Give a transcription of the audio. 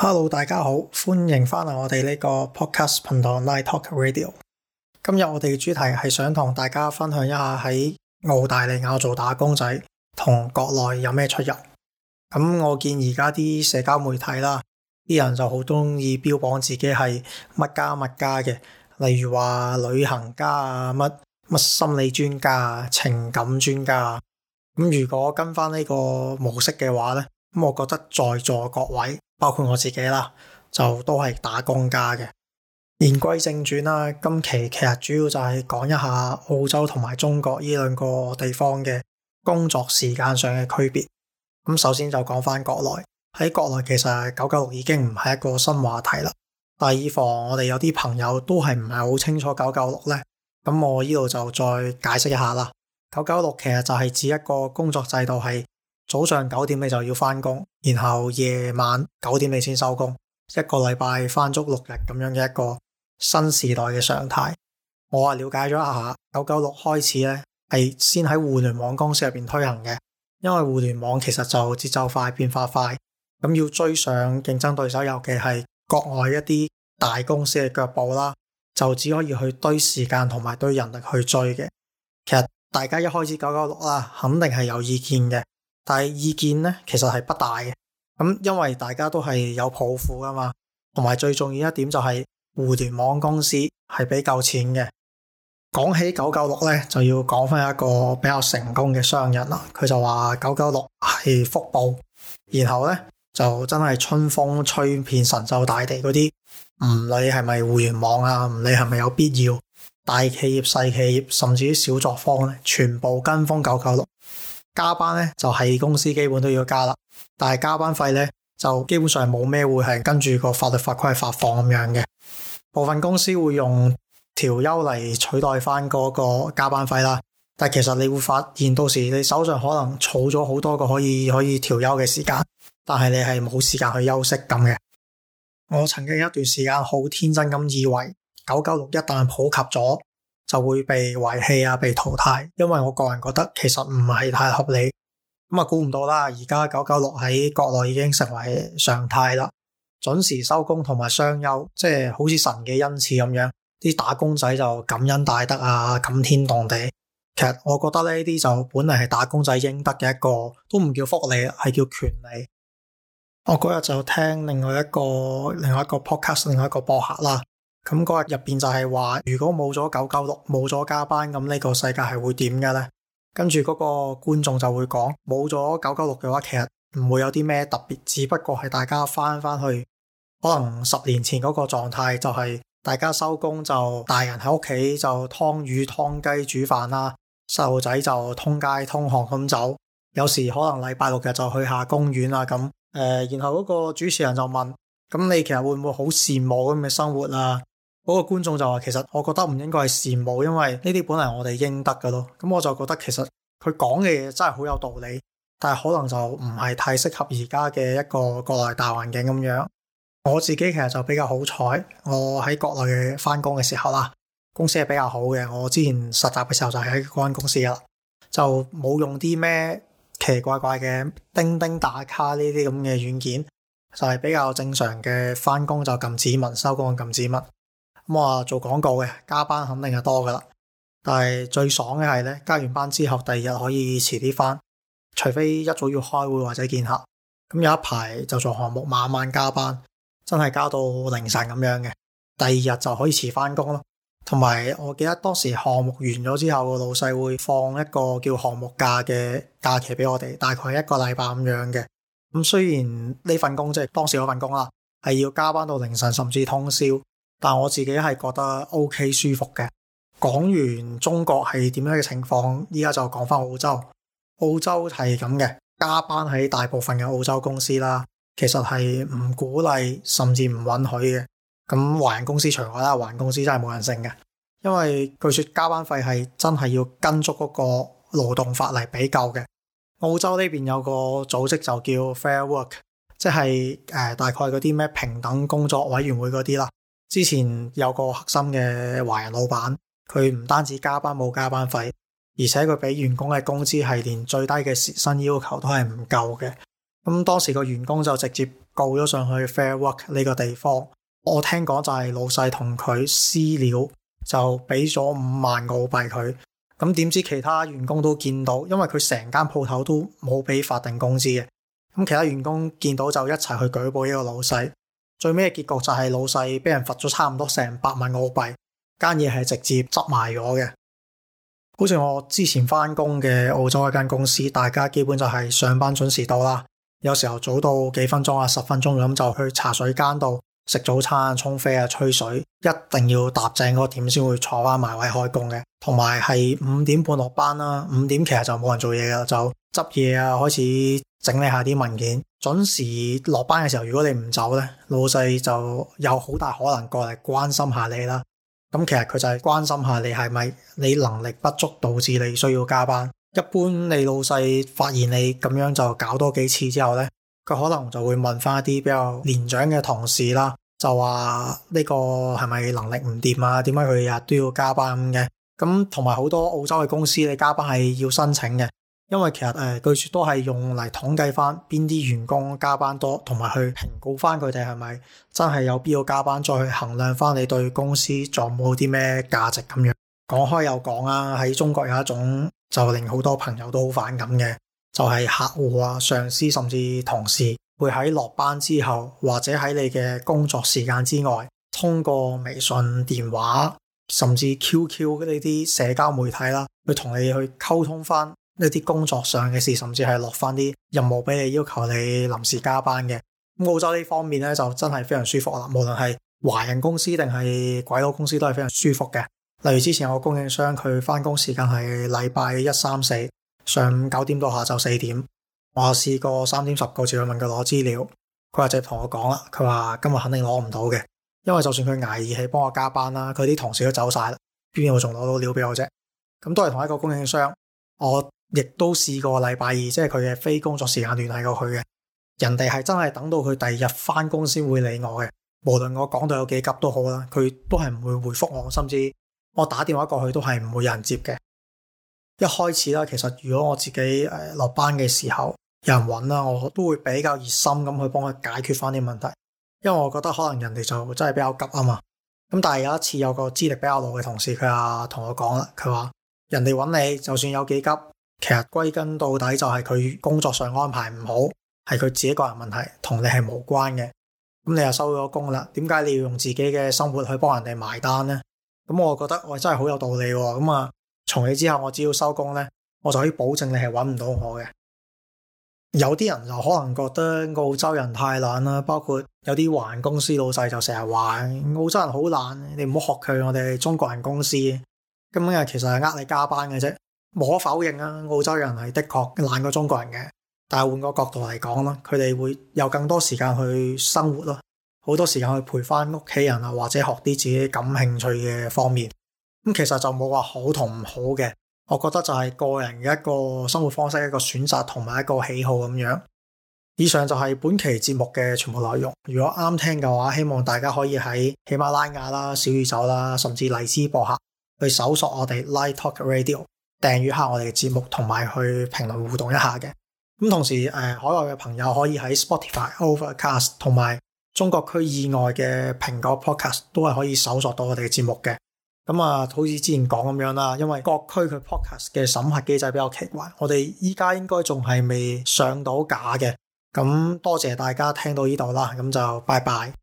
Hello，大家好，歡迎翻嚟我哋呢個 Podcast 頻道 Light Talk Radio。今日我哋嘅主題係想同大家分享一下喺澳大利亞做打工仔同國內有咩出入。咁我見而家啲社交媒體啦，啲人就好中意標榜自己係乜家乜家嘅，例如話旅行家啊，乜乜心理專家啊，情感專家啊。咁如果跟翻呢個模式嘅話咧，咁我覺得在座各位。包括我自己啦，就都係打工家嘅。言歸正傳啦，今期其實主要就係講一下澳洲同埋中國呢兩個地方嘅工作時間上嘅區別。咁首先就講翻國內，喺國內其實九九六已經唔係一個新話題啦。但以防我哋有啲朋友都係唔係好清楚九九六咧，咁我呢度就再解釋一下啦。九九六其實就係指一個工作制度係。早上九點你就要翻工，然後夜晚九點你先收工，一個禮拜翻足六日咁樣嘅一個新時代嘅常態。我啊了解咗一下，九九六開始咧係先喺互聯網公司入邊推行嘅，因為互聯網其實就節奏快、變化快，咁要追上競爭對手，尤其係國外一啲大公司嘅腳步啦，就只可以去堆時間同埋堆人力去追嘅。其實大家一開始九九六啦，肯定係有意見嘅。但係意見咧，其實係不大嘅。咁因為大家都係有抱負噶嘛，同埋最重要一點就係、是、互聯網公司係比較淺嘅。講起九九六咧，就要講翻一個比較成功嘅商人啦。佢就話九九六係福報，然後咧就真係春風吹遍神州大地嗰啲，唔理係咪互聯網啊，唔理係咪有必要，大企業、細企業甚至於小作坊咧，全部跟風九九六。加班咧就係、是、公司基本都要加啦，但係加班費咧就基本上冇咩會係跟住個法律法規去發放咁樣嘅，部分公司會用調休嚟取代翻嗰個加班費啦。但係其實你會發現到時你手上可能儲咗好多個可以可以調休嘅時間，但係你係冇時間去休息咁嘅。我曾經有一段時間好天真咁以為九九六一旦普及咗。就會被遺棄啊，被淘汰，因為我個人覺得其實唔係太合理。咁啊，估唔到啦，而家九九六喺國內已經成為常態啦。準時收工同埋雙休，即係好似神嘅恩賜咁樣，啲打工仔就感恩戴德啊，感天動地。其實我覺得呢啲就本嚟係打工仔應得嘅一個，都唔叫福利，係叫權利。我嗰日就聽另外一個另外一個 podcast，另外一個播客啦。咁嗰日入邊就係話，如果冇咗九九六，冇咗加班，咁呢個世界係會點嘅呢？跟住嗰個觀眾就會講，冇咗九九六嘅話，其實唔會有啲咩特別，只不過係大家翻翻去，可能十年前嗰個狀態，就是，就係大家收工就大人喺屋企就湯魚湯雞煮飯啦，細路仔就通街通巷咁走，有時可能禮拜六日就去下公園啊咁。誒、呃，然後嗰個主持人就問，咁你其實會唔會好羨慕咁嘅生活啊？嗰個觀眾就話：其實我覺得唔應該係羨慕，因為呢啲本嚟我哋應得嘅咯。咁我就覺得其實佢講嘅嘢真係好有道理，但係可能就唔係太適合而家嘅一個國內大環境咁樣。我自己其實就比較好彩，我喺國內翻工嘅時候啦，公司係比較好嘅。我之前實習嘅時候就係喺嗰間公司啦，就冇用啲咩奇奇怪怪嘅叮叮打卡呢啲咁嘅軟件，就係比較正常嘅翻工就㩒指紋，收工就㩒指紋。咁話做廣告嘅，加班肯定係多噶啦。但係最爽嘅係咧，加完班之後第二日可以遲啲翻，除非一早要開會或者見客。咁有一排就做項目，晚晚加班，真係加到凌晨咁樣嘅。第二日就可以遲翻工咯。同埋我記得當時項目完咗之後，老細會放一個叫項目假嘅假期俾我哋，大概一個禮拜咁樣嘅。咁雖然呢份工即係當時嗰份工啦，係要加班到凌晨，甚至通宵。但我自己係覺得 OK 舒服嘅。講完中國係點樣嘅情況，依家就講翻澳洲。澳洲係咁嘅，加班喺大部分嘅澳洲公司啦，其實係唔鼓勵，甚至唔允許嘅。咁華人公司除外啦，華人公司真係冇人性嘅，因為據說加班費係真係要跟足嗰個勞動法嚟比較嘅。澳洲呢邊有個組織就叫 Fair Work，即係誒、呃、大概嗰啲咩平等工作委員會嗰啲啦。之前有個黑心嘅華人老闆，佢唔單止加班冇加班費，而且佢俾員工嘅工資係連最低嘅時薪要求都係唔夠嘅。咁當時個員工就直接告咗上去 Fair Work 呢個地方。我聽講就係老細同佢私了，就俾咗五萬澳幣佢。咁點知其他員工都見到，因為佢成間鋪頭都冇俾法定工資嘅。咁其他員工見到就一齊去舉報呢個老細。最尾嘅結局就係老細俾人罰咗差唔多成百萬澳幣，間嘢係直接執埋咗嘅。好似我之前返工嘅澳洲一間公司，大家基本就係上班準時到啦，有時候早到幾分鐘啊、十分鐘咁就去茶水間度。食早餐啊、沖啡啊、吹水，一定要搭正嗰個點先會坐翻埋位開工嘅。同埋係五點半落班啦，五點其實就冇人做嘢㗎喇，就執嘢啊，開始整理下啲文件。準時落班嘅時候，如果你唔走呢，老細就有好大可能過嚟關心下你啦。咁其實佢就係關心下你係咪你能力不足導致你需要加班。一般你老細發現你咁樣就搞多幾次之後呢。佢可能就會問翻一啲比較年長嘅同事啦，就話呢個係咪能力唔掂啊？點解佢日都要加班嘅？咁同埋好多澳洲嘅公司，你加班係要申請嘅，因為其實誒、呃、據説都係用嚟統計翻邊啲員工加班多，同埋去評估翻佢哋係咪真係有必要加班，再去衡量翻你對公司仲有冇啲咩價值咁樣。講開又講啊，喺中國有一種就令好多朋友都好反感嘅。就係客戶啊、上司甚至同事會喺落班之後或者喺你嘅工作時間之外，通過微信、電話甚至 QQ 呢啲社交媒體啦，去同你去溝通翻一啲工作上嘅事，甚至係落翻啲任務俾你，你，要求你臨時加班嘅。澳洲呢方面咧就真係非常舒服啦，無論係華人公司定係鬼佬公司都係非常舒服嘅。例如之前有個供應商佢翻工時間係禮拜一、三、四。上午九點到下晝四點，我試過三點十個字去問佢攞資料，佢話就同我講啦，佢話今日肯定攞唔到嘅，因為就算佢挨熱氣幫我加班啦，佢啲同事都走晒啦，邊有仲攞到料俾我啫？咁都係同一個供應商，我亦都試過禮拜二即係佢嘅非工作時間聯繫過佢嘅，人哋係真係等到佢第二日翻工先會理我嘅，無論我講到有幾急都好啦，佢都係唔會回覆我，甚至我打電話過去都係唔會有人接嘅。一開始啦，其實如果我自己誒落班嘅時候有人揾啦，我都會比較熱心咁去幫佢解決翻啲問題，因為我覺得可能人哋就真係比較急啊嘛。咁但係有一次有個資歷比較老嘅同事佢啊同我講啦，佢話人哋揾你就算有幾急，其實歸根到底就係佢工作上安排唔好，係佢自己個人問題，同你係冇關嘅。咁你又收咗工啦，點解你要用自己嘅生活去幫人哋埋單呢？咁我覺得我真係好有道理咁啊！從此之後，我只要收工呢，我就可以保證你係揾唔到我嘅。有啲人就可能覺得澳洲人太懶啦，包括有啲華人公司老細就成日話澳洲人好懶，你唔好學佢，我哋中國人公司今日其實係呃你加班嘅啫。無可否認啊，澳洲人係的確懶過中國人嘅，但係換個角度嚟講啦，佢哋會有更多時間去生活咯，好多時間去陪翻屋企人啊，或者學啲自己感興趣嘅方面。咁其實就冇話好同唔好嘅，我覺得就係個人嘅一個生活方式，一個選擇同埋一個喜好咁樣。以上就係本期節目嘅全部內容。如果啱聽嘅話，希望大家可以喺喜馬拉雅啦、小宇宙啦，甚至荔枝播客去搜索我哋 Live Talk Radio，訂閱下我哋嘅節目，同埋去評論互動一下嘅。咁同時，誒，海外嘅朋友可以喺 Spotify、Overcast 同埋中國區以外嘅蘋果 Podcast 都係可以搜索到我哋嘅節目嘅。咁啊，好似之前講咁樣啦，因為各區佢 Podcast 嘅審核機制比較奇怪，我哋而家應該仲係未上到架嘅。咁多謝大家聽到呢度啦，咁就拜拜。